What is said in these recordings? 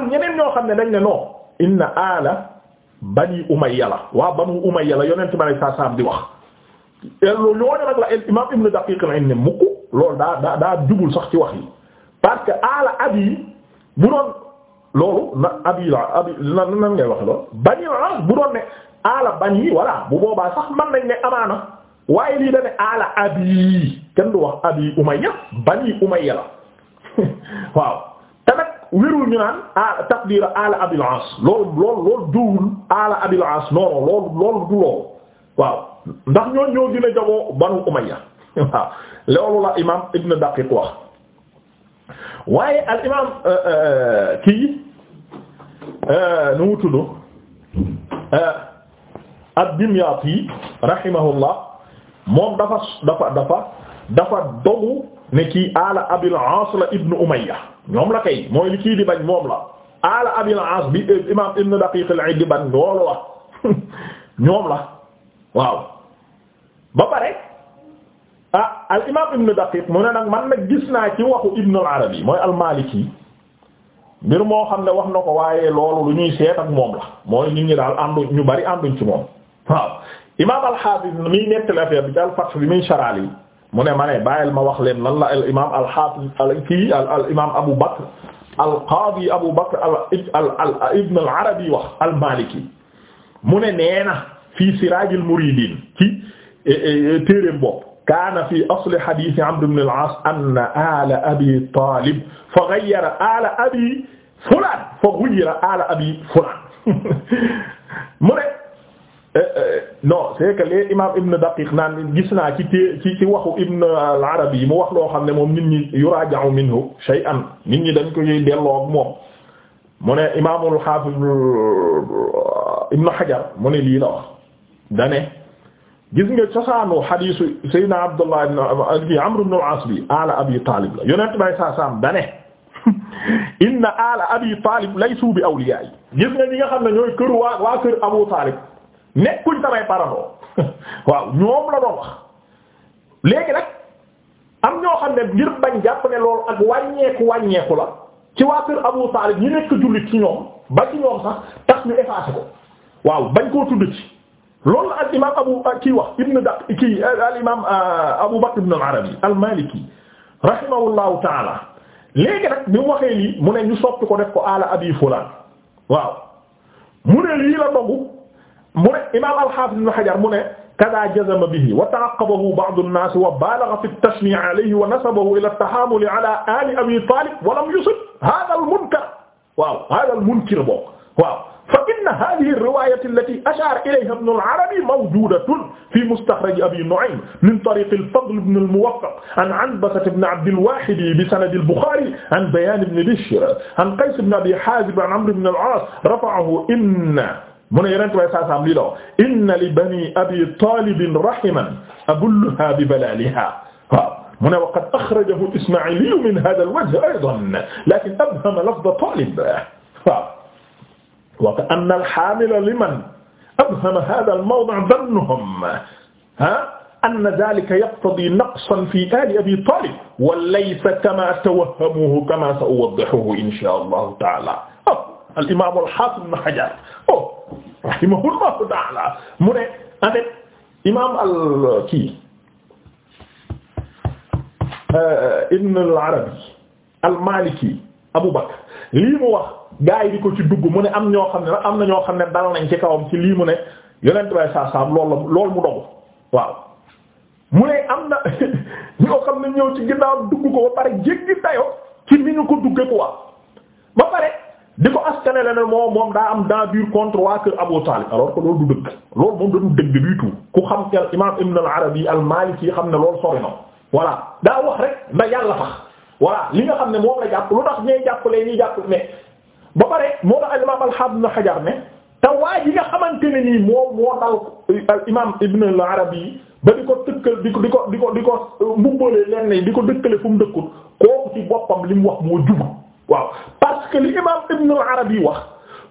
am ñeneen ñoo xam ne dañ ne non inna ala bani umayya la waa banu umayya la yonent ma lay saa saam di wax loolu ñooñu nag la al ibnu daqiq al ne mukk loolu daa daa daa sax ci wax yi parce que ala abi bu doon loolu na abi la abi nan ngay wax loolu bani al bu doon ne ala bani walla bu boobaa sax man nañ ne amaana waaye lii da ne ala abi kenn du wax abi umayya bani umayya waaw wérul ñu naan a taqdiir ala abil as loolu loolu loolu duwul ala abil as non loolu loolu du loolu waaw ndax ñoo ñoo gën a jagoo banu umayya waaw loolu la imaam ibn daqiq wax waaye al imaam euh, euh, kii euh, nu mu tudd ad-Dimyaati rahimahullah moom dafa dafa dafa dafa dogu ne kii ala abil aas la ibnu umayya ñoom la kay mooy li kii di bañ moom la ala abil aas bi eh, imam ibnu daqiq al-iid di bañ loolu la ñoom la waaw ba pare ah al imam ibnu daqiq mu ne nag man nag gis naa ci waxu ibnu al arabi mooy al maliki mbir moo xam ne wax na ko waaye loolu lu ñuy seet ak moom la mooy nit ñi daal àndu ñu bari ànduñ ci moom waaw imam al hafiz miy nettali affaire bi ci al bi muy sharali mu ne ma ne bàyyil ma wax leen lan la al imaam al hafiz al kii al al imaam Abu Bakr al qaadi Abu Bakr al al ibn al arabi wax al maliki mu ne nee na fii siraaj al muridiin ci e, e, e, téereem bopp kaana fi asli hadiis Amr ibn al Aas anna aala abi Taalib fa ghayyara aala abi fulaan fa ghayyara aala abi fulaan mu ne Eh, eh, non c'est que Ibn Daqiq naan gis naa ci ci ci waxu Ibn al yi mu wax loo xam ne moom nit ñi yuraaja'u minhu shay'an nit ñi dañ ko ñuy delloo ak moom mu ne imaamul hafiz euh, Ibn Hajar mu ne lii la wax dane gis nga cosaanu hadisu Abdullah ibn Amr ibn al-As ala Abi Talib la yonent bay bi awliya yi nga xam ne ñooy kër waa waa kër Abu Talib nekkuñ samay parandoo waaw ñoom la doon wax léegi nag am ñoo xam ne ngir bañ jàpp ne loolu ak wàññeeku wàññeeku la ci waa kër Abu Talib ñu nekk jullit ci ñoom ba ci ñoom sax tax ñu effacé ko waaw bañ koo tudd ci loolu la al imaam abu ah, kii wax ibn da kii ah, al imaam ah, Abu Bakr ibn al-Arabi al-Maliki rahimahullahu taala léegi nag bi mu waxee lii mu ne ñu soppi ko def ko ala abi fulaan waaw mu ne lii la dogu mu ne imaam al-Hafiz ibn Hajar mu ne kada jazama bihi wa ta'aqqabahu ba'd an-nas wa balagha fi at-tashmi' alayhi wa nasabahu ila at-tahamul ala ali abi talib wa lam yusib hadha al-munkar waaw hadha al-munkar bok waaw fa inna hadhihi ar-riwayat allati ashara ilayha ibn al-Arabi mawjudatun fi mustakhraj abi Nu'aym min tariq al-Fadl ibn al-Muwaffaq an 'Anbasah ibn 'Abd al-Wahidi bi sanad al-Bukhari an Bayan ibn Bishr an Qays ibn Abi Hazim an Amr ibn al-'As rafa'ahu inna mu ne yeneen tubaab saasaam lii la wax inna li bani abi talibin rahiman abulluha bi balaliha waaw mu ne waqad axrajahu al-ismaa'ili min hada al-wajh aydan lakin abhama lafza talib waaw wa ka anna al-haamila liman abhama hada al-mawdi' dhannuhum anna dhaalika yaqtadii naqsan fii aali abii taalib wa laysa kamaa tawahhamuuhu kamaa sa-uwaddihuhu inshaa Allahu ta'aalaa al imaam al haafiz ibn hajar oh rahimahullahu ta'ala mu ne en imaam al kii euh, ibn al arabi al maliki abu bakr lii mu wax gaa di ko ci dugg mu ne am ñoo xam ne am na ñoo xam ne dal nañ ci kawam ci lii mu ne yonent bay saa saam lool la lool mu dogu waaw mu ne am na ñoo xam ne ñëw ci ginnaaw dugg ko ba pare jéggi dayo ci ni ñu ko dugge ko wax ba pare di ko askane la ne moom moom daa am daa dur contre waa kër Abu Talib alors que loolu du dëgg loolu moom dadu du tout ku xam al imam Ibn al-Arabi al-Maliki xam ne loolu sori na daa wax rek na yàlla tax voilà li nga xam ne moo la jàpp lu tax ñee jàppalee ñuy jàpp mais ba pare moo tax al imam na hafiz Ibn Hajar ne te waa ji nga xamante ne nii moom moo dal al imam Ibn al-Arabi ba di ko tëkkal di ko di ko di ko di ko mbubbalee leen ne di ko dëkkale fu mu dëkkul kooku ci boppam li mu wax moo juma waaw parce que li imam Ibn al-Arabi wax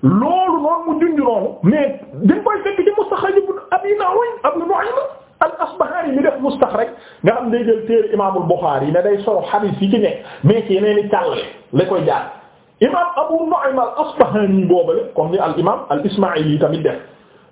loolu noonu mu junj noonu mais dañ koy fekk ci Mustaxraj Ibn Abi Nu'aym Abu Nu'aym al-Asbahani mi def Mustaxraj nga xam day jël téere imaamul Buxaari yi ne day soro xadiis yi ci nekk mais ci yeneen i càllale la koy jaar imam Abu Nu'aym al-Asbahani boobale comme ni al imam al-Ismaa'ili yi tamit def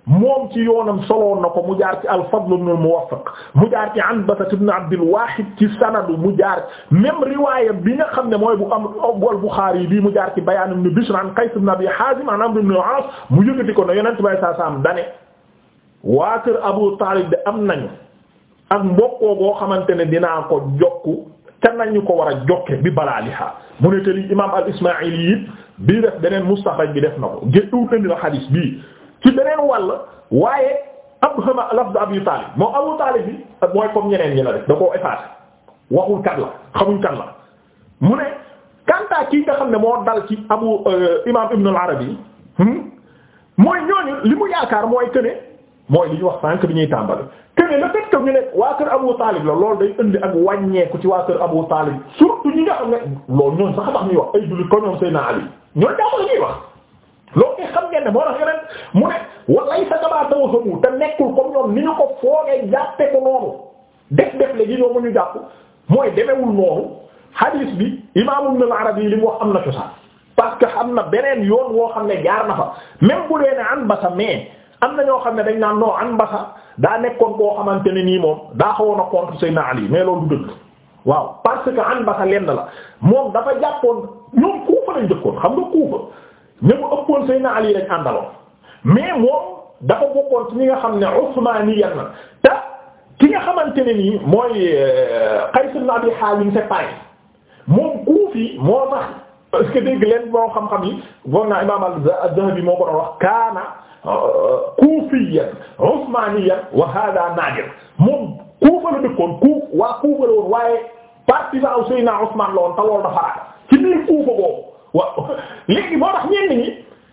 moom ci yoonam soloon na ko mu jaar ci al-Fadl ibn al-Muwaffaq mu jaar ci Anbasat ibn Abdul Wahid ci sanadu mu jaar même riwaaya bi nga xam ne mooy bu am al-Bukhari bii mu jaar ci Bayaan ibn Bishr an Qays ibn Abi Hazim an Amr ibn al-As mu yëkkati ko ne Yonent bi saa saam dane waa Abu Talib de am nañu ak mbokkoo boo xamante ne dinaa ko jokku te nañu ko war a jokke bi balaaliha mu ne te li imaam bi def beneen mustaxraj bi def na ko jënd ci beneen wàll waaye abhama lafz Abi Taalib moom Abu Taalib bi mooy comme ñeneen ñi la def da koo effacé waxul kat la xamuñ kat la mu ne kantaa kii nga xam ne moo dal ci abu euh, imaam Ibn al-Arabi hmm? mooy ñooñu li mu yaakaar mooy que ne mooy li ñu wax sànq bi ñuy tàmbali que ne le fait ñu ne waa kër Abu Taalib la loolu day indi ak wàññeeku ci waa kër Abu Taalib surtout ñi nga xam ne loolu ñooñu sax tax ñuy wax ay jullit ko ñoom Seydina Ali ñooñu daa loolu de xam ngeen ne moo tax yeneen mu ne walay sa kamaa tawahamu te nekkul ni ñu ko foogee jàppe ko noonu def def la gi ñoo ñu jàpp mooy demewul noonu hadis bi imam Ibn la arabi yi li mu wax am na cosaan parce que am na beneen yoon woo xam ne jaar na fa même bu dee ne an basa mais am na ñoo xam ne dañ naan noo an basa daa nekkoon koo xamante ne nii moom daa xawoon a contre Seydina Ali mais loolu du waaw parce que an basa lenn la moom dafa jàppoon ñoom kuufa lañ jëkkoon xam nga kuufa ña mu ëppoon Seydina Ali rek àndaloon mais moom dafa bokkoon ci ñi nga xam ne Usmaani na te mooy euh, Qays ibn Abi Haazim c'est pareil moom kuufi moo tax parce que dégg leen moo xam-xam yi war naa Imaam moo ko kaana euh, kuufiyyan wa haaza naadir moom Kuufa la dëkkoon Kuuf waa Kuufa la woon waaye partisan Seydina Usmaan waaw léegi moo tax ñenn ñi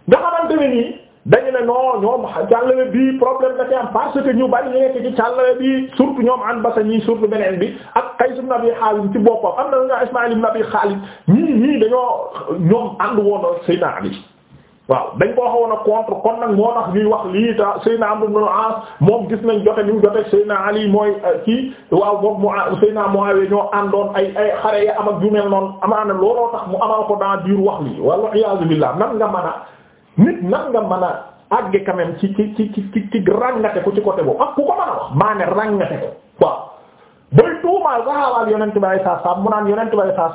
nga xamante ne nii dañu ne non ñoom càllale bii problème da ci am parce que ñu bari ñu nekk ci càllale bii surtout ñoom an basa ñii surtout beneen bi ak Qays ibn Abi Hazim ci boppam am na ñoo Ismaïl ibn Abi Khalid ñii ñii dañoo ñoom ànd woon Seydina Ali waaw dañ koo xawoon a contre kon nag moo tax ñuy wax lii ta Seydina Amr ibn al-As moom gis nañ jote ni mu jote Seydina Ali mooy euh, kii waaw moom mu Seydina Muawiya ñoo àndoon ay ay xare ya am ak yu mel noonu amaana looloo tax mu amal ko dans biir wax lii walla iyaazu billaah nan nga mën a nit nan nga mën a àgge quand même ci ci ci ci ci ràngate ci côté boobu ak ku ko mën a wax maa ne ràngate ko waaw bay tuumaal saxaabaal yonent bi sallallahu alayhi wasallam mu naan yonent bi sallallahu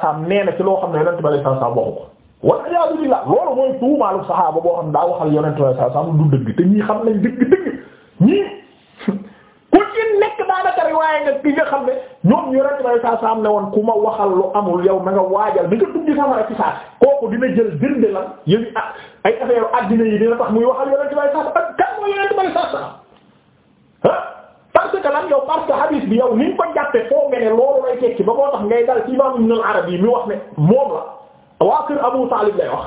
loo xam ne yonent bi sallallahu wala iyaazu billah loolu mooy tuumaalu saxaaba boo xam daa waxal yonent sallallahu alayhi wasallam du dëgg te ñii xam ne ñoom yonent sallallahu alayhi ne woon ku ma waxal lu amul yow na nga waajal na nga dugg safara ci saa kooku dina jël jënd la yéen ah ay affaire addina yi dina tax muy waxal yonent sallallahu alayhi wasallam kan mooy yonent parce que lan bi yow ni ko jàppee foo nga loolu lay tekki ba koo tax ngay dal ci imam Ibn al-Arabi mi wax ne moom waa kër Abu Taalib lay wax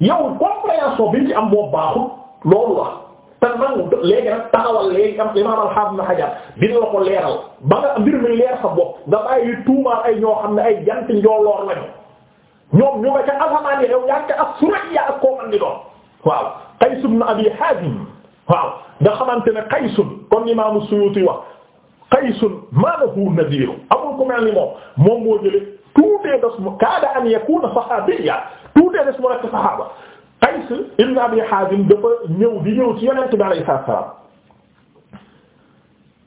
yow compréhension bi ci am moo baaxul loolu wax te nangu léegi nag taxawal léegi am imaam al-Hafiz Ibn Hajar la ko leeral ba nga mbir mi leer sa bopp nga bàyyi tuumaal ay ñoo am ne ay jant njooloor lañu ñoom ñu nga ca asamaan yi yow yaa ngi ca ak ak koo waaw Qays ibn Abi Hazim waaw nga xamante ne Qaysun kon imaamu Suyuti wax Qaysun maa lahu nadiir amul ku mel ni moom moo jëlee. tuutee des mu kaada an yakuna sahaabiyya tuutee des mu nekk sahaaba ibn Abi Haazim dafa ñëw di ñëw ci Yonent bi alayhi salaam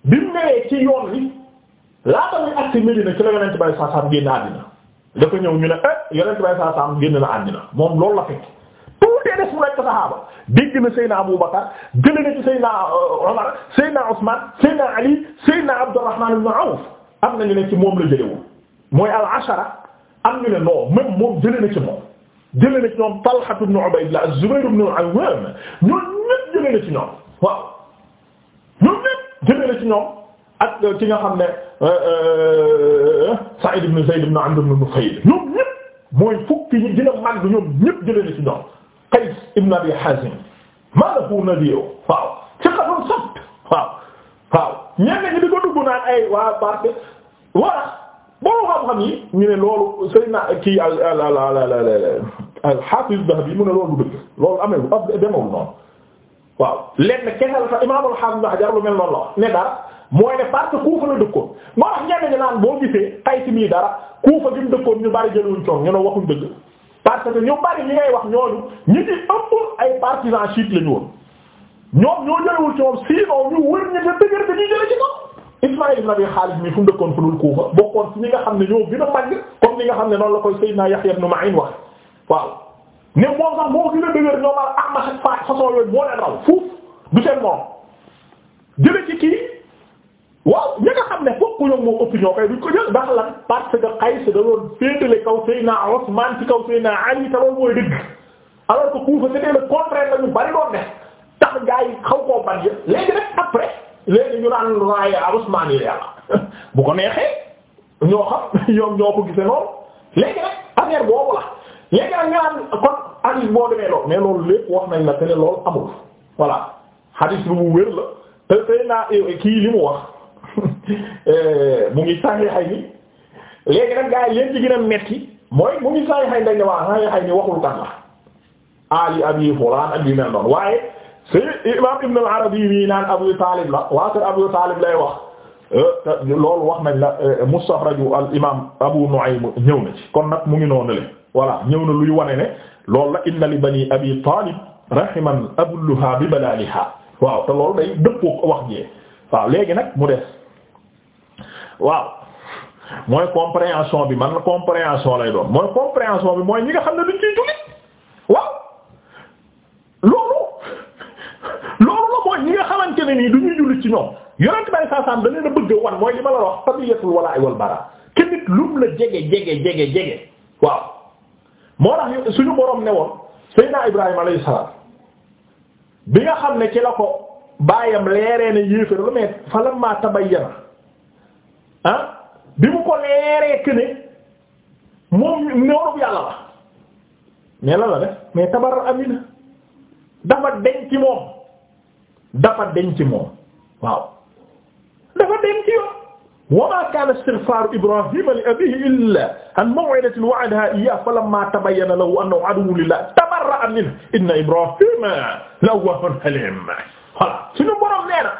bi ci yoon wi laata muy agsi Medina ci la Yonent bi alayhi salaam génn àddina dafa ñëw ñu na eh Yonent bi alayhi salaam génn na àddina moom loolu la fekk tuutee des mu nekk sahaaba dégg na Seydina Abu Bakar jële na ci Seydina euh, Omar Seydina Usmaan Seydina Ali Seydina Abdurrahmaan ibn Awf am ci moom la jëlewul mooy al ashara am ñu ne non même moom jëlee na ci moom jëlee na ci ñoom Talha ibn Ubaydillah az-Zubayr ibn al-Awwam ñoom ñëpp jëlee na ci ñoom waaw ñoom ñëpp jëlee na ci ñoom ak ci nga xam ne euh, euh, Sa'id ibn Zayd ibn Amr mooy fukki ñi gën a màgg ñoom ñëpp jëlee na ci ñoom Qays ibn Abi Hazim ma lahu nadiir waaw ci xatum sabt waaw waaw ñenn ñi di ko dugg ay waa parce que boo xam-xam yi ñu ne loolu Seydina kii al al al al al Hafiz Dhahabi mu ne loolu dëgg loolu amee lu ab demewul noonu waaw lenn kesal sa Imaam al-Hafiz Ibn Hajar lu mel noonu ne dara mooy ne parce que Kuufa la dëkkoon moo tax ñenn ñi naan boo gisee Qays mi dara Kuufa gi dëkkoon ñu bari jëluñ coono ñu ne waxuñ dëgg parce que ñu bari wax ñooñu ñi la ñu woon ñoom ñoo jëlewul ci moom sinon wër ñu te dëgër te ñu jële ci ko Ismaïl ibn Abi Khalid mi fu mu dëkkoon fu dul Kufa bokkoon ci ñi nga xam ne ñoo gën a màgg comme ni nga xam ne noonu la koy Seydina Yahya ibn Ma'in wax waaw ne moom sax moo gën a dëgër ñoom al Ahmad ak Faas façon yooyu moo ne bokku ñoom moom opinion kay ko jël ndax lan parce que Qays da doon féetale kaw Seydina Usman kaw Seydina Ali te loolu mooy dëgg alors que Kufa c'était le contraire la ñu bari doon def tax gaa xaw koo bañ léegi rek après léegi ñu naan raaya arusmaan yi yàlla bu ko neexee ñoo xam ñoom ñoo ko gisee noonu léegi nag affaire boobu la léegi nag nga naan kon hadith boo demee loolu mais loolu lépp wax nañ la te ne loolu amul voilà hadith bi mu wér la te tey naa eh, kii li mu wax eh, mu ngi sànni xay ni léegi nag gaa yi leen ci gën a mooy mu ngi sànni xay dañ ne waa sànni xay ni waxul kan la ali abi fulaan ak yu mel noonu waaye sëy imam Ibn arabi yi nii naan Abu Talib la waa kër Abu Talib lay wax eh, loolu wax nañ la eh, mustaxraju al imam Abu Nu'aym ñëw na ci kon nag mu ngi noonu le voilà ñëw na luy wane ne loolu la inna li bani Abi Talib rahiman abulluha bi balaliha waaw te loolu day dëppoo wax jee waaw léegi nag mu des waaw mooy compréhension bi man compréhension lay doon mooy compréhension bi mooy ñi nga xam ne duñ ciy jullit waaw xamante nii du ñu jullit ci ñoom yonent bay saasaam da leen a bëgg wan mooy li ma la wax tabiyatul walaa wal bara ke nit lum la jege jege jege jege waaw moo tax suñu borom ne woon Seydina Ibrahima alayhi salaam bi nga xam ne ci la ko baayam leeree ne yéefér lu mais falamma tabayyana ah bi mu ko leeree que ne moom noorub yàlla la mais la la def mais tabarra amina dafa denc moom dafa denc moom waaw dafa denc yoon wa maa kaana istighfaaru ibrahima li abiihi illaa an maw'idatin wa'adahaa iyyaahu falammaa tabayyana lahu annahu aduwwun lillaah tabarra'a minhu inna ibraahiima la'awwaahun haliim voilà borom nee na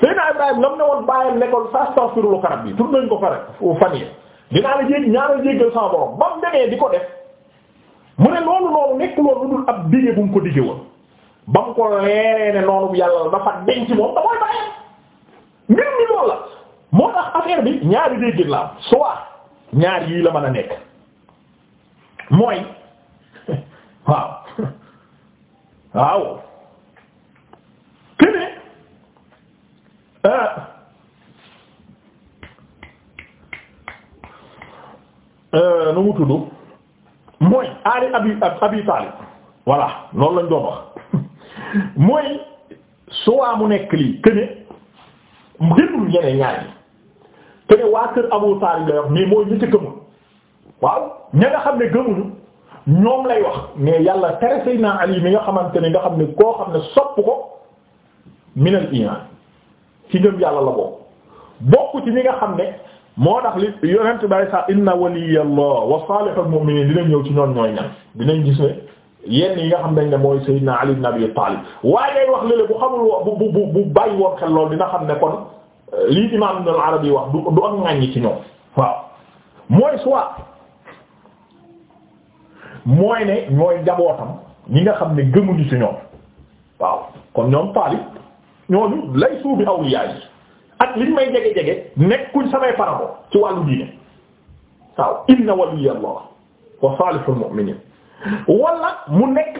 Seydina Ibrahima lam ne woon bàyyam nekkoon astaghfirullaaha rabbii tur nañ ko pare fan dinaa la jégg borom ba mu di ko def mu ne loolu loolu nekkul woon lu ab dige bu ko dige woon ba mu ko leeree ne noonu yàlla dafa denc moom da koy bàyyi mbir mi loolu la moo tax affaire bi ñaari déggin la am soit ñaar yii la mën a nekk mooy waaw waaw kene euh, euh, nu mu tudd mooy aali abi abi talib voilà loolu lañ doon mooy suwaa mu nekk lii këne gënul ñeneen ñaar yi këne waa kër Abu Taalib lay wax mais mooy ñi ci waaw ña nga xam ne gëmuñu ñoom lay wax mais yàlla tere Seydina Ali nga xamante ne nga xam ne koo xam ne sopp ko minal iman ci ngëm yàlla la bokk bokk ci nga xam ne moo tax li yonent bay sax inna waliyallah wa salihul mu'minin dinañ ñëw ci ñoon ñooy ñan dinañ gis ne yenn yi nga xam dañ ne mooy Seydina Ali ibn Abi Talib waaye day wax léeg bu xamul bu bu bu bu bàyyi woon xel lool dina xam ne kon euh, lii Imam Ibn al-Arabi wax du du ak ŋàññi ci ñoom waaw mooy soit mooy ne ñooy njabootam ñi nga xam ne gëmuñu ci ñoom waaw kon ñoom Talib ñooñu lay suubi awliya yi ak liñ may jege-jege nekkuñ samay parabo ci wàllu diine waaw inna waliyallah wa salihul mu'minin wala mu nekk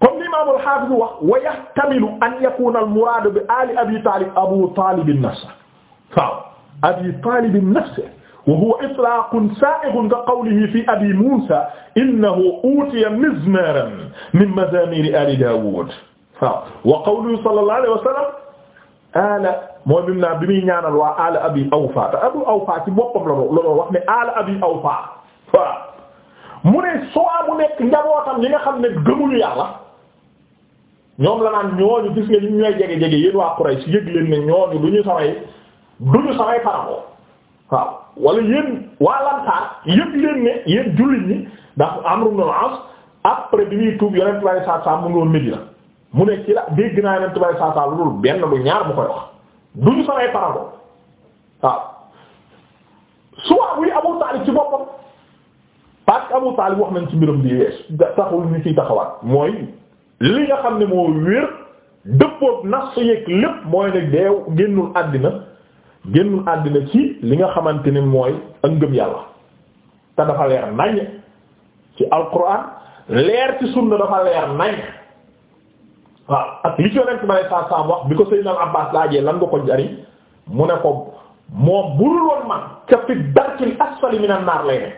comme l'imam al-Hafiz wax wa yahtamilu an yakuna al-murad bi ali abi talib abu talib an-nafs waaw abi talib an-nafs wa huwa itlaaqun saa'ighun ka qawlihi fi abi musa innahu utiya mizmaran min mazamir ali daawud waaw wa qawluhu sallallahu alayhi wa sallam ala moo bim naa bi muy ñaanal waa ala abi awfa te abu awfa ci boppam la doon wax ne ala abi awfa waaw mu ne soit mu nekk njabootam ñi nga xam ne gëmuñu yàlla ñoom la naan ñooñu gis nga ñu ñooy jege jege yéen waa Quraysh yëg leen ne ñooñu du ñu samay du ñu samay parabo waaw wala yéen waa Lansaar yëg leen ne yéen jullit ñi ndax Amr ibn al-As après bi ñuy tuub Yonent bi sallallahu alayhi wasallam mu ngi woon Medina mu ne ci la dégg naa Yonent bi saa alayhi wasallam loolu benn du ñaar bu koy wax du ñu samay parabo waaw soit buy Abu Talib ci boppam. parce que Abu wax nañ ci mbiram di wees taxul ñu ciy taxawaat mooy li nga xam ne moo wér dëppoot nas yeeg lépp mooy ne deew génnul àddina génnul àddina ci li nga xamante ne mooy ak ngëm yàlla te dafa leer nañ ci alquran leer ci sunna dafa leer nañ waaw ak li ci ma lay saa saa wax bi ko Seydina Abbas laajee lan nga ko jariñ mu ne ko moom bu dul woon man ca fi darkil asfali minan naar lay ne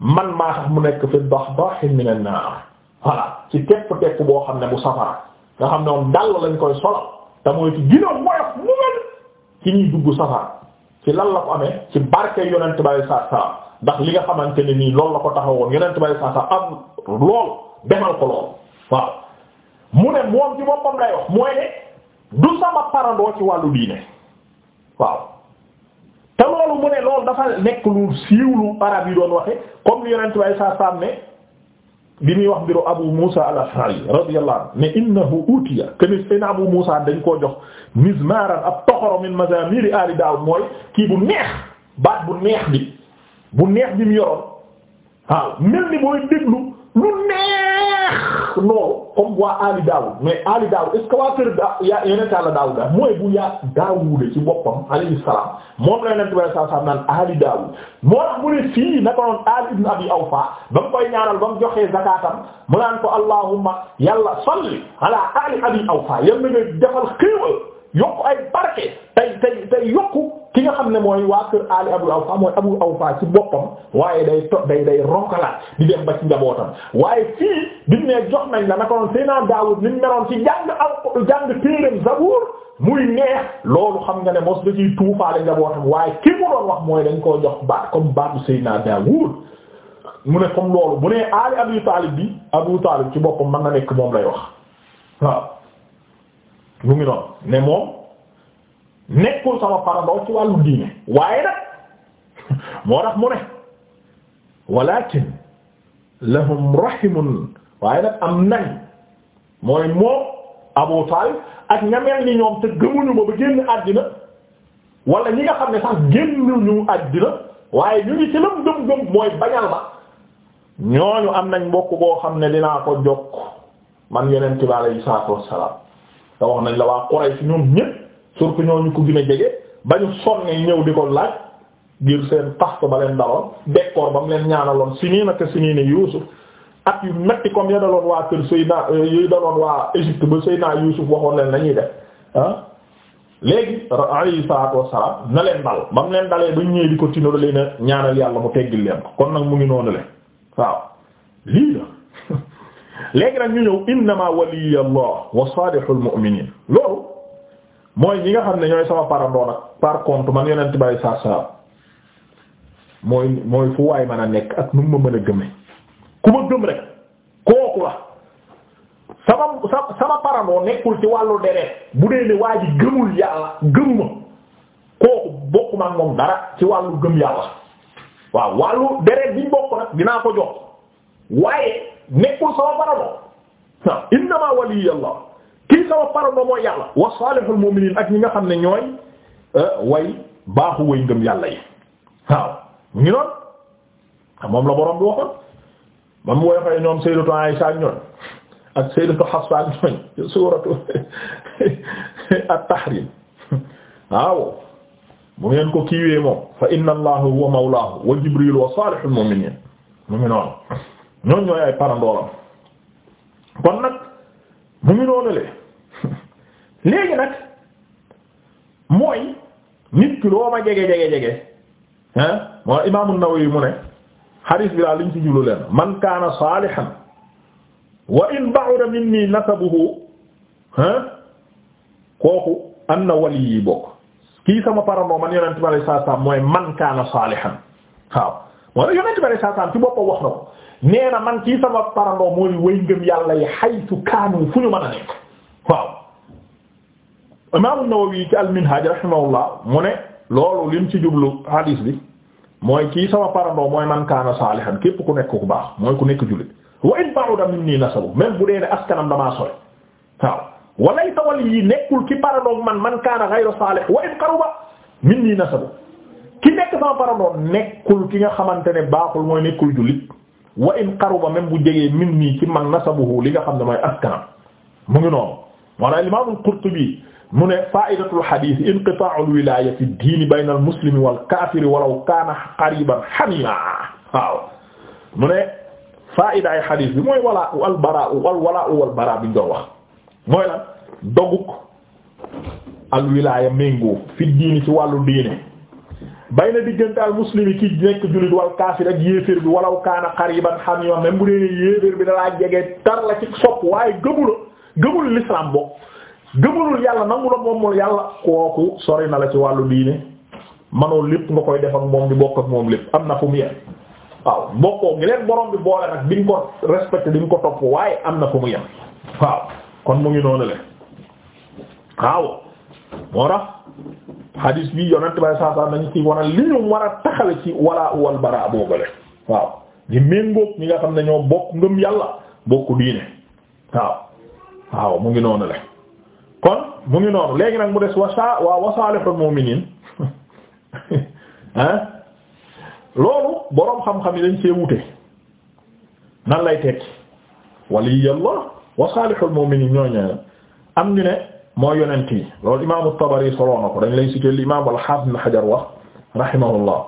man maa tax mu nekk fi dahdahin min an-naar voilà ci tepp tepp boo xam ne bu safara nga xam ne moom dàll lañ koy solal te mooy ci ginnaaw woyof mu ngeen ci ñuy dugg safara ci lan la ko amee ci barke yonent bay saa saa ndax li nga xamante ne nii loolu la ko taxawoon yonent bay saa saa lool demal ko lool waaw mu ne moom ci boppam lay wax mooy ne du sama parandoo ci wàllu diine waaw te loolu mu ne loolu dafa nekk lu siiw lu arab yi doon waxe comme li yonent way sa saam ne bi muy wax mbiru Abu Musa al-Ash'ari radiyallahu anhu ne innahu utiya kene sayna Abu Musa dañ koo jox mizmaran ab toxoro min mazamiri ali Daawud mooy kii bu neex baat bu neex bi bu neex bi mu yoroon waaw mel ni booy déglu lu neex noonu comme waa Ali Daawud mais Ali Daawud est-ce que waa kër da yaa yeneen Yàlla Daawud daal mooy bu yaa Daawud ci boppam alayhi salaam moom la Yonent bi sallallahu alayhi wa sallam naan Ali Daawud moo tax mu ne fii naka noonu Ali ibn Abi Awfa ba mu koy ñaanal ba mu joxee zakaatam mu naan ko allahumma yàlla salli ala Ali Abi Awfa yal na nga defal xéewal yokk ay barke tey tey tey yokku. ki nga xam ne mooy waa kër Ali Abul Awfa mooy Abul Awfa ci boppam waaye day to day day ronkalaat di dem ba ci njabootam waaye fii biñ ne jox nañ la naka noonu Seydina Daawud ni mu meloon ci jàng aw jàng téereem Zabuur muy neex loolu xam nga ne mos da ciy tuufaale njabootam waaye ki mu doon wax mooy dañ koo jox baat comme baatu Seydina Daawud mu ne comme loolu bu nee Ali Abi Taalib bi Abu Taalib ci boppam mën na nekk moom lay wax waaw mu ngi noonu ne moom. nekkul sama paradoxe ci wàllu diine waaye nag moo tax mu ne walakin lahum rahimun waaye nag am nañ mooy moom Abu Talib ak ñameel ni ñoom te gëmuñu ma ba génn àddina wala ñi nga xam ne sax génnuñu àddina waaye ñu ngi ci lam gëm-gëm mooy bañal ma ñooñu am nañ mbokk boo xam ne dinaa ko jokk man yonent bi alayhi salaatu wassalaam te wax nañ la waa Quraysh ñoom ñépp surtout ñooñu ko gën a jege ba ñu sonne ñëw di ko laaj ngir seen past ba leen daloon bekkoor ba mu leen ñaanaloon si nii nag si nii ne Yuusuf at yu metti comme ya daloon waa kër Seydina euh, yu daloon waa Égypte ba Seydina Yuusuf waxoon leen lañuy def ah léegi alayhi salaatu wassalaam na leen dal ba mu leen dalee ba ñu ñëwee di ko tino da leen ñaanal yàlla mu teggil leen ko kon nag mu ngi noonu leen waaw lii la léegi nag ñu ñëw innamaa waliyullah wa saalihul mooy ñi nga xam ne ñooy sama parandoo nag par contre man yonent bàyyi saa saa mooy mooy fu waay mën a nekk ak nu mu ma mën a gëme ku ma gëm rek kooku la sama sama parandoo nekkul ci wàllu deret bu dee ne waa ji gëmul yàlla gëm ma kooku bokkuma ak moom dara ci wàllu gëm yàlla waaw wàllu deret biñ bokk nag dinaa ko jox waaye nekkul sama parandoo waaw waliyallah kii sama parandoo mooy yàlla wa salihul mu'minin ak ñi nga xam ne ñooy euh, way baaxu way ngëm yàlla yi waaw mu ngi noonu moom la borom bi waxoon ba mu woyofee ñoom sayyidatu Aisha ñoon ak sayyidatu Hafsa ñoon ci suuratu at-Tahrim waaw mu ngeen ko kiiwee moom fa inna allaha huwa mawlaahu wa jibril wa salihul mu'minin mu ngi noonu ñoon ay parandoolam kon nag mu ngi noonu le léegi nag mooy nit ki loo ma jege jege jege ah moo Imaam An-Nawawi mu ne hadis bi daal liñ ci jublu leen man kaana saalihan wa in ba'uda minni nasabuhu ah kooku am na bokk kii sama parandoo man yonent bi sallallahu alayhi mooy man kaana saalihan waaw moo ne yonent bi sallallahu alayhi ci boppam wax na ko nee man kii sama parandoo mooy wëy ngëm yàlla yi haytu kaanu fu ñu mën a nekk waaw. Imaam An-Nawawi ci al-Minhaj rahimahullah mu ne loolu lim ci jublu hadis bi mooy kii sama parandoo mooy man kaana saalihan képp ku nekk ku baax mooy ku nekk jullit wa in ba'uda minni nasabu même bu dee ne askanam damaa sore waaw walay tawal yi nekkul ki parandoo man man kaana ghayra saalih wa in qaruba minni nasabu ki nekk sama parandoo nekkul ki nga xamante ne baaxul mooy nekkul jullit wa in qaruba même bu jegee minni ci man nasabuhu li nga xam ne mooy askanam mu ngi noonu mu ne fa'idatul hadith inqita'ul wilaya fi diini bayna al muslimi wal kaafiri walaw kaana qariban hamima mu ne fa'ida ay hadith bi mooy walaa wal baraa wal walaa wal baraa bi doguk al wilaya méngoo fi diini ci wàllu diine bayna diggante al muslimi ki nekk jullit wal kaafir ak yéeféer bi walaw kaana qariban hamima même bu dee ne bi dalaa jege tar la ci sopp waaye gëmula gëmul l'islam gëmalul yàlla nangu la moomul yàlla kooku sori na la ci wàllu diine manoo lépp nga koy def ak moom di bokk ak moom lépp am na fu mu yem waaw bokkoo ngi leen borom bi boole nag di nga ko respecté di nga ko topp waaye am na fu mu yem waaw kon mu ngi noonu le waaw moo tax hadis bi yonent bay saasan nañu ci wane li war a taxawe ci wala wal bara boobale waaw di méngóog ñi nga xam ne ñoo bokk ngëm yàlla bokk diine waaw waaw mu ngi noonu le kon mu ngi noonu léegi nag mu des wasa waa wasalihul mu'minin ah loolu boroom xam-xam yi dañ cee wute nan lay tekki waliyallah wasalihul mu'minin ñooñu am ñu ne moo yonent yi loolu imaamu Tabari soloo na ko dañ lay citer li imaam al-Hafiz Ibn Hajar wax rahimahullah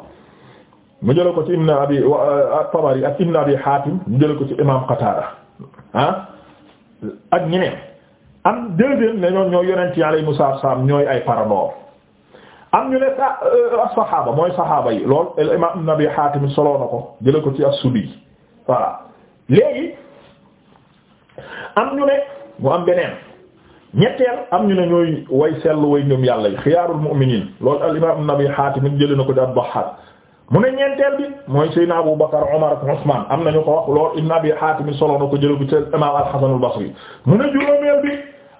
mu jële ko ci Ibn Abi Tabari ak Ibn Abi Hatim mu jële ko ci imam Qatada ah ak ñeneen am deuxième ne ñoom ñooy yonent ci alayhimu salaam ñooy ay parandoor am ñu ne sa euh, saxaaba mooy saxaaba yi lool al imaam Ibn Abi Haatim ko jële ko ci as-Suddi voilà léegi am ñu ne mu am beneen ñetteel am ñu ne ñooy way sellu way ngëm yàlla yi xiyaarul mu'miniin loolu al imaam Ibn Abi Haatim jële na ko ci ad-Dahhaak mu ne ñeenteel bi mooy Seydina Abu Bakar Omar ak Usman am nañu ko wax lool Ibn Abi Hatim solo na ko jël ko ci Imam al-Hasan al-Basri mu ne juróomeel bi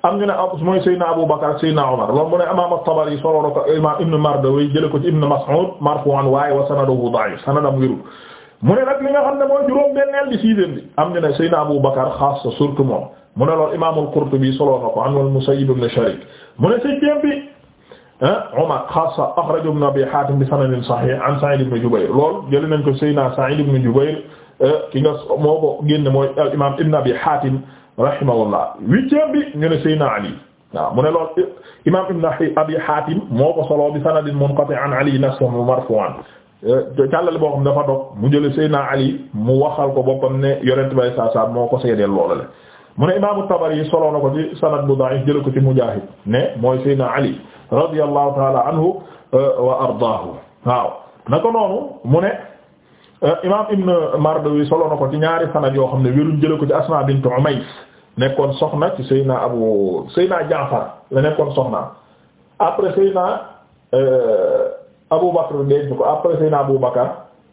am ñu ne mooy Seydina Abu Bakar ak Seydina Omar loolu mu ne Imam at-Tabari solo na ko Imam Ibn Mardawayh jël ko ci Ibn Mas'ud marfu'an waaye wa sanaduhu da'if sanadam wérul mu ne nag li nga xam ne mooy juróom-benneel bi sixième bi am ñu ne Seydina Abu Bakar xaas surtout moom mu ne loolu Imam al-Qurtubi solo na ko an al-Musayyib ibn Sharik mu ne septième bi Umar xaasa axrajahu Ibn Abi Haatim bi sanadin sahih an Sa'id ibn Jubayr lool jëlee nañ ko Seydina Sa'id ibn Jubayr eh, ki nga moo ko génne mooy al imaam Ibn Abi Haatim rahimahullah huitième bi ñu ne Seydina Ali waaw mu ne lool imaam Ibn Abi Haatim moo ko solo bi sanadin munqati' an Ali nafsihi marfu'an càllale eh, boo xam dafa dog mu jële Seydina Ali mu waxal ko boppam ne Yonent bi saa saa moo ko seedeel loolale mu ne imaam Tabari solo na ko ci sanad bu da'if jëlee ko ci Mujaahid ne mooy Seydina Ali radiyallahu taala anhu euh, wa ardaahu waaw naka noonu mu ne euh, imaam Ibn Mardawi solo na ko ci ñaari sanad yoo xam ne wéruñ jële ko ci Asma bint Umays nekkoon soxna ci Seyna Abu Seyna Jaafar la nekkoon soxna après Seyna euh, Abu Bakr denc ko après Seyna Abu Bakr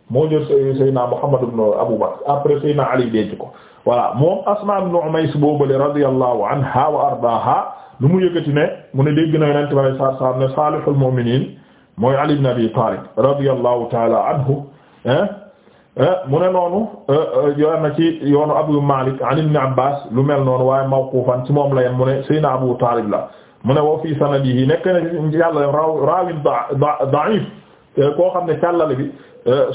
moo jël Seyna Muhammad ibn Abu Bakr après Seyna Ali denc ko voilà moom Asma ibn Umays boobale radiyallahu anha wa ardaaha lu mu yëkkati ne mu ne dégg na yonent bi sallallahu alayhi wasallam ne salihul mu'minin mooy Ali ibn Abi Talib radiyallahu ta'ala anhu eh, eh, mu ne noonu yoon eh, na ci yoonu Abu Malik an ibn Abbas lu mel noonu waaye mawqufan ci moom la mu ne Seydina Abu Talib la mu ne woo fii sanadihi nekk na yàlla raawin da'if koo xam ne càllale bi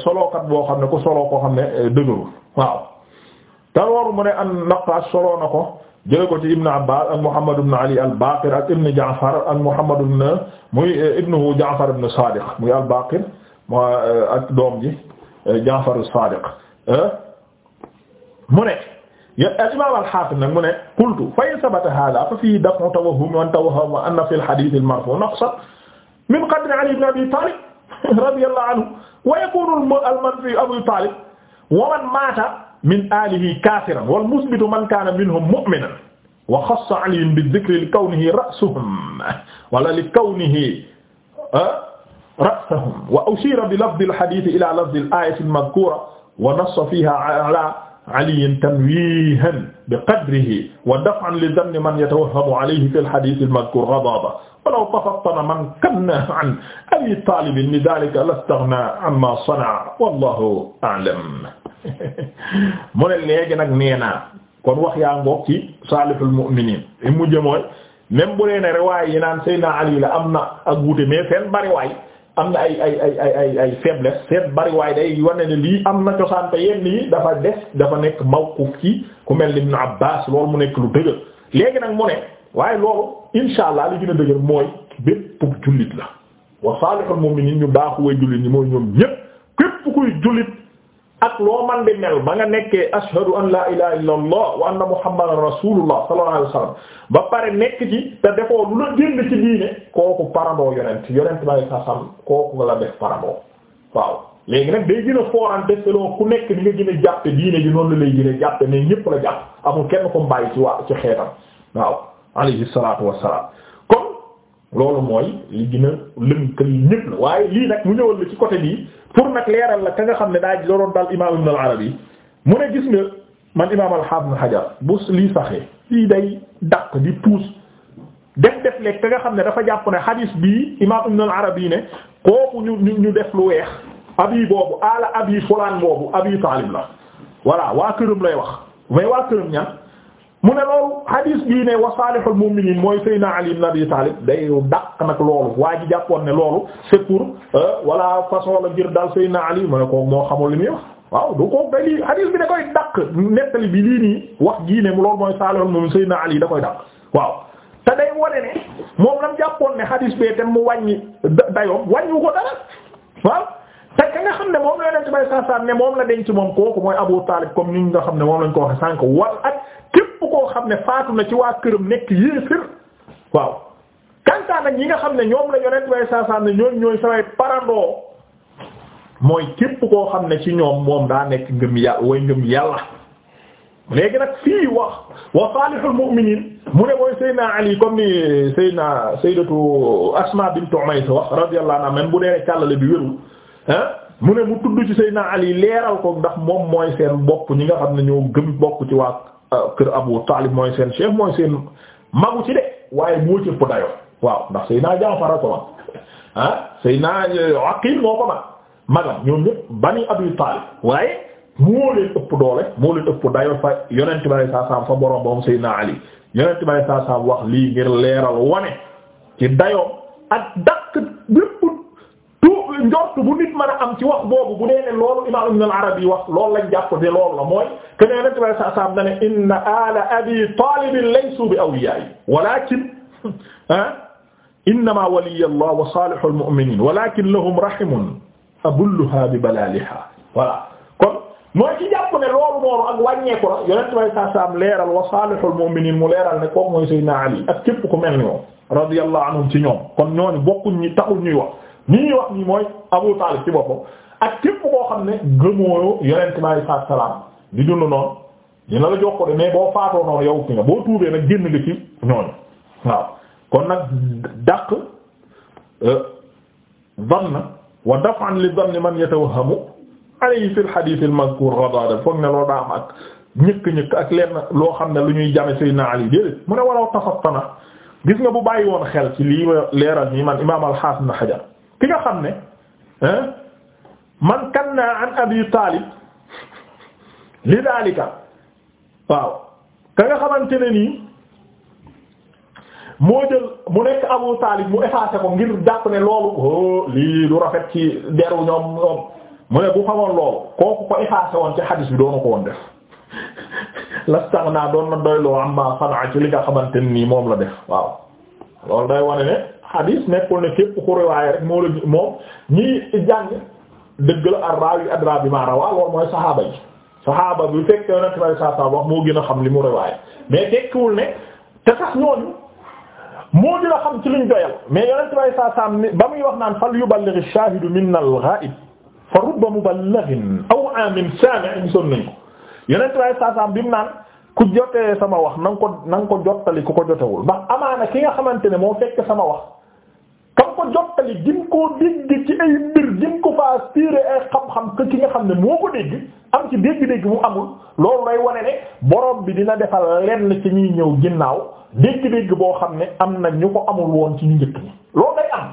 solookat boo xam ne ku soloo koo xam ne dëgërul waaw te loolu mu ne an Naqash soloo na ko jële ko ci ibn Abbas ak Muhammad ibn Ali al-Baqir ak ibn Ja'far ak Muhammad ibn muy ibnu Ja'far ibn Sadiq muy al-Baqir eh, ak doom ji eh, Ja'far as-Sadiq eh? mu ne al-imam al-Hafiz nag mu ne qultu fa in sabata hadha fa fihi daf'u tawahhum wa tawahhum anna fi al-hadith al-marfu' naqsan min qadri Ali ibn Abi Talib radiyallahu anhu wa yakunu al-manfi Abu Talib wa man mata min alihi kafiran wal musbitu man kaana minhum mu'minan wa xassa aliyun bi dhikri li kawnihi ra'suhum wala li kawnihi ah, ra'suhum wa ushira bi lafdi al-hadith ila lafdi al-ayati al-madhkura wa nassa fiha ala aliyin tanwihan bi qadrihi wa daf'an li dhanni man yatawahhamu alayhi fi al-hadith al-madhkur ghadaba walaw tafattana man kanna an abi talib li dhalika lastaghna amma sana'a wallahu a'lam mu ne léegi nag nee naa kon wax yaa ngoog ci salihul mu'minin li mu jëmooy même bu dee ne riwaay yi naan Seydina Ali la am na ak wuute mais seen bariwaay am na ay ay ay ay ay ay faiblesse seen bariwaay day wane ne lii am na cosaan te yenn yi dafa des dafa nekk mawquf ci ku mel ni mu Ibn Abbas loolu mu nekk lu dëgër léegi nag mu ne waaye loolu insha allah li gën a dëgër mooy bépp jullit la wa salihul mu'minin ñu baaxuwee jullit ñi mooy ñoom ñépp képp ak loo man di mel ba nga nekkee ashhadu an la ilaha illa allah wa anna muhammadan rasulullah sallallahu ba pare nekk ci te defoo lu la génn ci diine kooku parandoo yonent yonent ba sa sam kooku nga la def parandoo waaw léegi nag day gën a foorante selon ku nekk di nga gën a jàppe diine ji noonu la lay gën a jàppe mais ñëpp la jàpp amul kenn ko mbàyyi ci waa ci xeetam waaw alayhi salatu wassalam kon loolu mooy li gën a lënkal ñëpp la waaye lii nag mu ñëwal la ci pour nag leeral la ka nga xam ne daa doon dal imaam Ibn al-Arabi mu ne gis nga man imaam al-Hafiz Hajar bu lii saxee lii day dàq di puus def def lekk ka nga xam ne dafa jàpp ne hadis bii imaam Ibn al-Arabi ne kooku ñu ñu ñu def lu weex abi boobu ala abi fulaan boobu abi Taalib la voilà waa këram lay wax mais waa këram ña mu ne loolu hadis bii ne wa salihul mu'minin mooy Seydina Ali ibn Abi Talib day dàq nag loolu waa ji jàppoon ne loolu c'est pour wala euh, façon la ngir daal Seydina Ali mu ne kooku moo xamul li muy wax waaw du kooku day lii bi da koy dàq nettali bi lii nii wax jii ne loolu mooy salihul mu'min Seydina Ali da koy daq waaw te day wone ne moom lam jàppoon ne hadis bee tam mu wàññi dayoom wàññiwu ko dara waaw te ka nga xam ne moom la yonent bay saasaan ne moom la denc moom kooku nga xam ne moom lañ ko waxe sànk war ak koo xam ne faatu na ci waa këram nekk yéefér waaw kantaan nag ñi nga xam ne ñoom la yonent way saasaan ne ñooñ ñooy samay parandoo mooy képp koo xam ne ci ñoom moom daa nekk ngëm yàlla way ngëm yàlla léegi nag fii wax wa mu ne mooy Seydina Ali comme ni Seydina Sayyidatu Asma bint Umays wax radiyallahu anha même bu dee càllale bi wérul mu ne mu tudd ci Seydina Ali leeral ko ndax moom mooy seen bopp ñi nga xam ne ñoo gëm bokk ci waa Euh, kër Abu Taalib mooy seen chef mooy seen magu ci de waaye moo ci ëpp dayoo waaw ndax Seydina Jaafar ko mag ah Seydina euh, Aqiil moo ko mag magam ñoom ñëpp bani Abi Taalib waaye moo leen ëpp doole moo leen ëpp dayoo fa yonent bi saa saam fa borom ba moom Seydina Ali yonent bi saa wax lii ngir leeral wane ci dayoo ak dàq bépp njort bu nit mën a am ci wax boobu bu dee ne loolu imaam Ibn al-Arabi wax loolu lañ jàpp ne loolu la mooy que nee nañ ci wàllu saa saam na ne inna ala abi Taalib laysu bi awliyaa walaakin ah innamaa waliyyullaah wa saalihul mu'miniin walaakin lahum rahimun abulluhaa bi balaalihaa voilà kon mooy ci jàpp ne loolu noonu ak wàññeeku la yonent bi sallallahu alayhi wa sallam leeral wa saalihul mu'miniin mu leeral ne kooku mooy Seydina Ali ak képp ku mel ni moom radiyallahu anhum ci ñoom kon ñooñu bokkuñ ñi taxul ñuy wax. ñi ñuy wax nii mooy Abu Talib ci boppam ak képp koo xam ne gëmoo yonent bi alayhi salaatu salaam di dund noonu dina la jox ko de mais boo faatoo noonu yow ki nga boo tuubee nag génn nga ci ñooñu waaw kon nag dàq euh, dhann wa daf'an li dhann man yatawahhamu alayhi fi al-hadith al-mazkur radada foog loo daa am ak ak lenn loo xam ne lu ñuy jame Seydina Ali déedéet mu ne walaw tafattana gis nga bu bàyyi woon xel ci lii leeral nii man imaam al-Hasan Hajar ki nga xam ne man kanna an abi taalib li daalika waaw ka nga xamante ne nii moo jël mu nekk abu taalib mu effacé ko ngir jàpp ne loolu oh, lii du rafet ci deru ñoom ñoom mu ne bu xamoon loolu kooku ko effacé woon ci xadis bi doonu ko woon def lastax naa doon na doyloo am ma xanaa ci li nga xamante nii moom la def waaw loolu day wane ne hadis nekkul ne képp ku riwaaya rek moo la moom ñi jàng dëgg la ar-raawi adraa bimaa rawaa mooy saxaaba yi saxaaba bi fekk yonent bi saa saa moo gën a xam li mu riwaaya mais tekkiwul ne te sax ñooñu moo gën a xam ci luñ doyal mais yonent bi saa saa ba muy wax naan fal yuballigh ash-shaahidu minna al-ghaa'ib fa rubba muballighin aw aamin saami'in sonn nañ ko yonent bi saa saa mu naan ku jotee sama wax na ko na nga ko jottali ku ko jotewul ndax amaana ki nga xamante ne moo fekk sama wax. nga ko jottali gin koo dégg ci ay mbir gin ko faa tiire ay xam-xam que ki nga xam ne moo ko dégg am ci dégg-dégg mu amul loolu day wane ne borom bi dina defal lenn ci ñuy ñëw ginnaaw dégg-dégg boo xam ne am na ñu ko amul woon ci ñu njëkk ñi loolu day am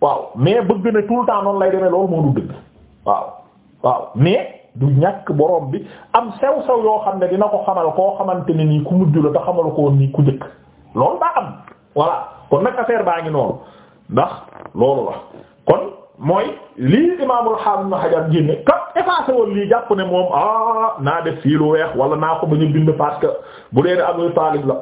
waaw mais tout le temps noonu lay demee loolu moo dëgg waaw waaw mais du ñàkk borom bi am sew sew yoo xam ne dina ko xamal koo xamante ne nii ku mujj la te xamal ko woon nii ku njëkk loolu daa am voilà kon nag affaire baa ngi noonu ndax loolu la kon mooy lii imaamul xaal na xajar génne kat effacé woon lii jàpp ne moom ah naa def fii lu weex wala naa ko bañ a bind parce que bu dee ne Abu Taalib la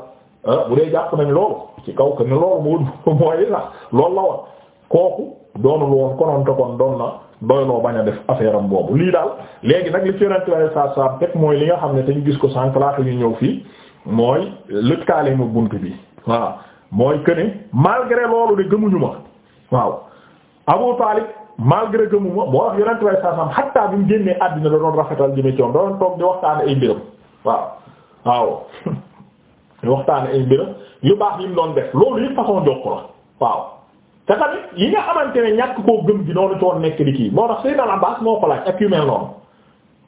ah, bu dee jàpp nañ loolu ci kaw que ne loolu moo mooy la loolu la woon kooku doonul woon konoon te kon doon na doyloo bañ a def affaire am boobu lii daal léegi nag li ci yonent waaye saa saa teg mooy li nga xam ne te ñu gis ko sànq laata ñu ñëw fii mooy lëkkaale mu bunt bi waaw mooy que ne malgré loolu de gëmuñu ma waaw Abu Talib malgré gëmu ma moo wax yonent way saa sam xattaa bi mu génnee àddina da doon rafetal jëme ci moom da doon toog di waxtaane ay mbiram waaw waaw di waxtaane ay mbiram yu baax yi mu doon def loolu yëpp façon jokk la waaw te tamit yi nga xamante ne ñàkk koo gëm gi noonu ci woon nekk di kii moo tax Sayyid al-Abbas moo ko ak yu mel noonu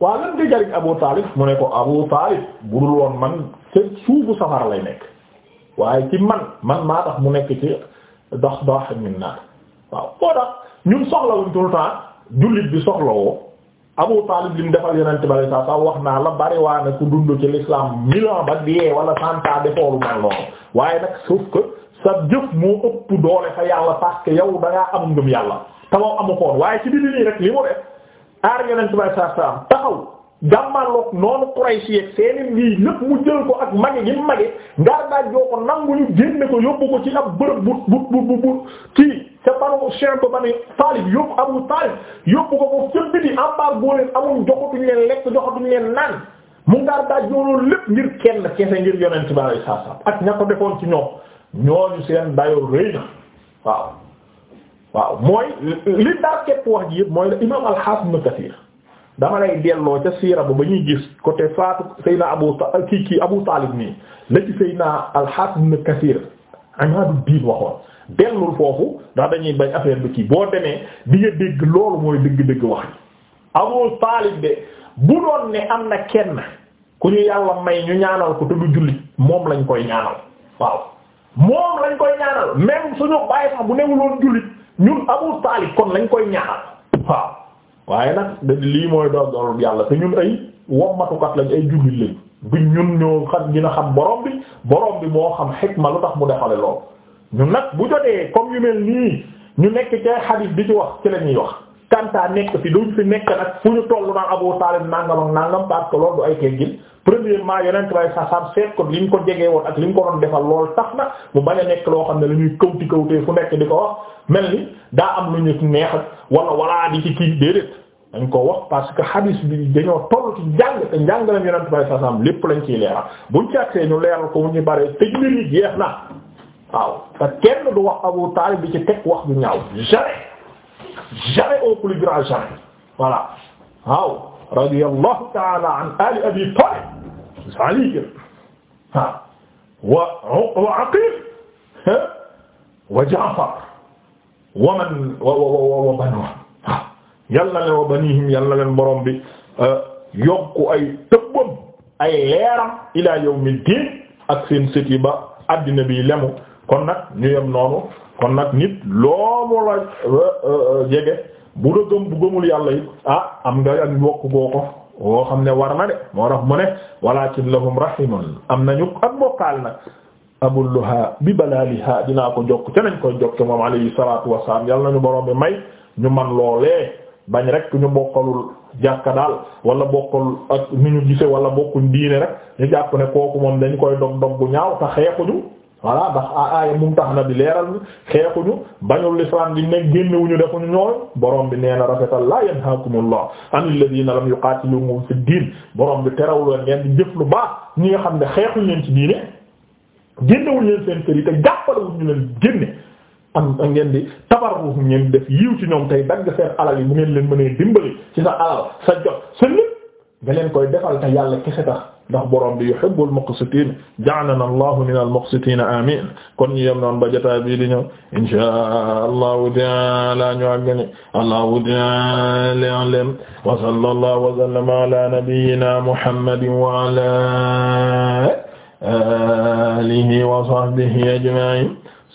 waaw lan nga jariñ Abu Talib mu ne ko Abu Talib budul woon man te suufu safara lay nekk waaye ci man man maa tax mu nekk ci dox dox min naar waaw moo tax ñun soxlawuñ tout le temps jullit bi soxlawoo Abu Talib li defal yonent bale saa saa wax naa la bari bariwaane ku dund ci l'islam million ba dee wala santa defoolu man loolu waaye nag sauf que sa jëf moo ëpp doole fa yàlla parce que yow da ngaa am ngëm yàlla tamoo amu koon waaye ci biir nii rek li mu def aar yonent bale saa saa taxaw jàmmarloog noonu Quraysh yeeg seeni lii lépp mu jël ko ak mage gi mage ngaa daaj joo ko nanguñu génne ko yóbbu ko ci ab bërëb bu bu bu bu kii ca banu chien ba banu Taalib yóbbu Abu Taalib yóbbu ko ko ca biti ambaar boo amul joxatuñ leen lekk joxatuñ leen naan mu ngaa daaj jooloolu lépp ngir kenn kese ngir yonent bi alayhi ak ña ko defoon ci ñoom ñooñu seen dayoo rëy na waaw waaw mooy li daar képp wax ji yëpp mooy la imam al-Hasan Kathir dama lay delloo ca siira ba ba ñuy gis côté faatu Seydina Abu kii kii Abu Taalib nii la ci Seydina al-Hasan ibn Kasiir Imaadudiin waxoon dellul foofu ndax dañuy bañ affaire bi kii boo demee di nga dégg loolu mooy dëgg-dëgg wax Abu Taalib de bu doon ne am na kenn ku ñu yàlla may ñu ñaanal ko te du jullit moom lañ koy ñaanal waaw moom lañ koy ñaanal même suñu bàyyi sax bu newuloon jullit ñun Abu Taalib kon lañ koy ñaanal waaw waaye nag da lii mooy dogal yàlla te ñun ay wommatukat lañ ay jullit lañ bi ñun ñoo xam dina xam borom bi borom bi moo xam ma lu tax mu defale lool ñun nag bu jotee comme yu mel nii ñu nekk ci xadiis bi ci wax ci ñuy wax kanta nekk fi duñ fi nekk nag fu ñu Abu Taalib nangam ak nangam parce que loolu du ay teggin premièrement yonent bay sasam seet ko li ñu ko jegee woon ak li ñu ko defal loolu tax na mu bañ a nekk loo xam ne la ñuy kawti kawtee fu nekk di ko wax mel ni daa am lu ñu neex wala wala di ci kii déedéet dañ ko wax parce que hadis bi dañoo toll ci njàng te njàngalam yonent bay sasam lépp lañ ciy leeral buñ ci agsee ñu leeral ko mu ñu bare tëj mbir yi jeex na waaw kenn du Abu Taalib bi ci teg wax bu ñaaw jamais jamais au plus grand jamais voilà waaw radiyallahu ta'ala an ali abi talib ali wa aqil wa ja'far wa wa wa yal na leen wa banihim leen borom bi euh, yokk ay tëbbam ay leeram ila yawmiddin ak seen sët yi ba àddina bi lemu kon nag ñu yem noonu kon nag nit loomu la euh, euh, jege bu la bu gëmul yàlla yi ah am nga ak goo ko woo xam ne war na de moo tax mu ne walakin lahum rahimun am nañu ak mbokkaal nag abulluha bi balaliha dinaa ko jokk ca nañ koy jokk moom alayhi salatu wasalaam yàlla nañu borom bi may ñu man loolee bañ rek ñu bokkalul jàkka daal wala bokkal ak ni ñu gise wala bokkuñ diine rek ñu jàpp ne kooku moom dañ koy dog dog bu ñaaw te xeexuñu voilà ndax aaya mu tax na di leeral ni xeexuñu bañul lislaam di nekk génnewuñu defuñu ñooy borom bi nee na rafetal laa la anil ladina lam yuqatilukum fi diin borom bi terawul ngeen di jëf lu baax ñi nga xam ne xeexuñ leen ci diine génnewuñu leen seen kër yi te jàppalewuñu leen génne am ngeen di tabarruf ngeen def yiw ci ñoom tey dagg seen alal yi bu ngeen leen mënee dimbali ci sa alal sa jot sa lépp nga leen koy defal te yàlla kese tax ndax borom bi yuhibbul muqsitin ja'alana allahu minal muqsitin amin kon ñu yem noon ba jotaay bii di ñëw inshaa allahu taala ñu àggani allahu taala a'lam wa sallallahu wa sallama ala nabiyyina muhammadin wa ala alihi wa sahbihi ajma'in